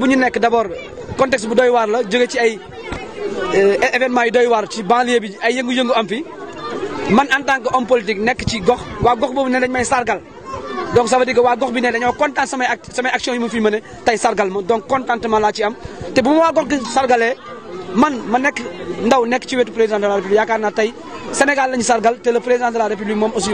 bu ñu nekk d'abord contexte bu doy waar la jóge ci ay euh, événements yu doy waar ci banlieue bi ay yëngu-yëngu am fi man en tant que homme politique nekk ci gox waa gox boobu ne dañ may sargal donc ça veut dire waa gox bi ne dañoo kontaan samay act samay action yi ma fi mën a tey sargal ma donc contentement laa ci am te bu ma waa gox gi sargalee man ma nekk ndaw nekk ci wetu président de la république yaakaar naa tey Sénégal la ñu sargal le président de la république moom aussi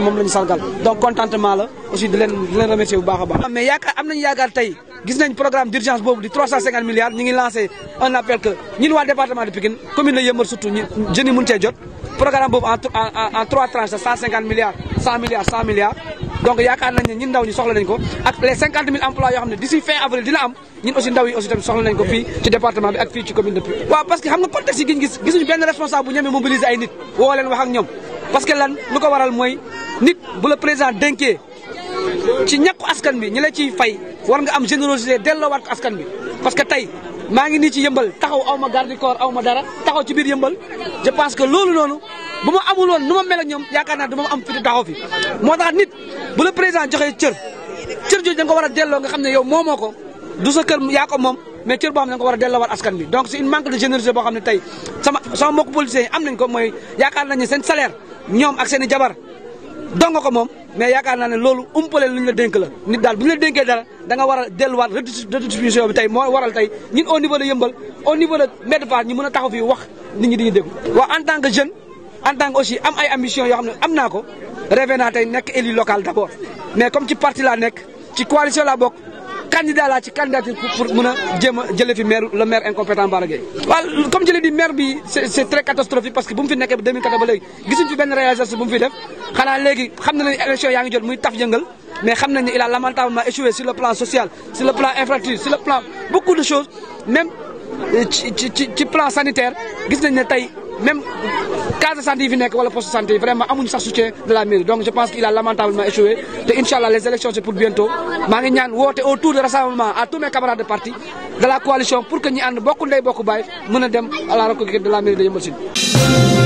di leen di bu baax a baax. mais yaakaar am nañu yaakaar tey. gis nañ programme d'urgence boobu di 350 milliards ñu ngi lancé un appel que ñun waa département de Pikine commune de Yeumbeul surtout ñu mun cee jot programme boobu en trois tranches de 150 milliards 100 milliards 100 milliards donc yaakaar nañ ne ñun ndaw ñi soxla nañ ko ak les 50 000 emplois yoo xam ne fin avril dina am ñun aussi ndaw yi aussi tamit soxla nañ ko fii ci département bi ak fii ci commune de Pikine la war nga am générosité delloowaat ko askan bi parce que tey maa ngi nii ci yëmbal taxaw aw ma garde corps aw ma dara taxaw ci biir yëmbal je pense que loolu noonu bu ma amul woon nu ma mel ñoom yaakaar naa du ma am fi taxaw fi moo tax nit bu la président joxe cër cër jooju da nga ko a delloo nga xam ne yow moomoo ko du sa kër yaa ko moom mais cër boo xam ne da nga ko war a delloowaat askan bi donc c'est une manque de générosité boo xam ne tey sama sama mbokku a yi ko mooy yaakaar nañ ne seen salaire ñoom ak seen i jabar donga ko moom mais yaakaar naa ne loolu umpale lu ñu la dénk la nit daal bu ñu la dénkee dara da nga war a delluwaat redistribution bi tey moo waral tey ñun au niveau de yëmbal au niveau de Médina Fall a taxaw fii wax nit ñi di ñu déglu waaw en tant que jeune en tant am ay ambition yoo xam ne am naa ko rêvé tey nekk élu local d' abord mais comme ci parti laa nekk ci coalition laa bokk candidat laa ci candidature pour mën a jéem a jëlee fi maire le maire incompétent Bara Gaye waaw comme je l'ai dit maire bi c'est c'est très catastrophique parce que bu mu fi nekkee ba 2014 ba léegi gisuñu fi benn réalisation bu mu fi def xanaa léegi xam na ne yaa ngi jot muy taf jëngal mais xam nañ ne il a lamentablement échoué sur le plan social sur le plan infrastructure sur le plan beaucoup de choses même euh, ci ci ci plan sanitaire gis nañ ne tey même case de santé yi fi nekk wala poste de santé yi vraiment amuñu sax soutien de la mairie donc je pense qu'il a lamentablement échoué te incha les élections c'est pour bientôt maa ngi ñaan woote autour de rassemblement à tous mes camarades de parti de la coalition pour que ñi ànd bokk ndey bokk baay mën a dem à la reconquête de la mairie de Yeumbeul Sud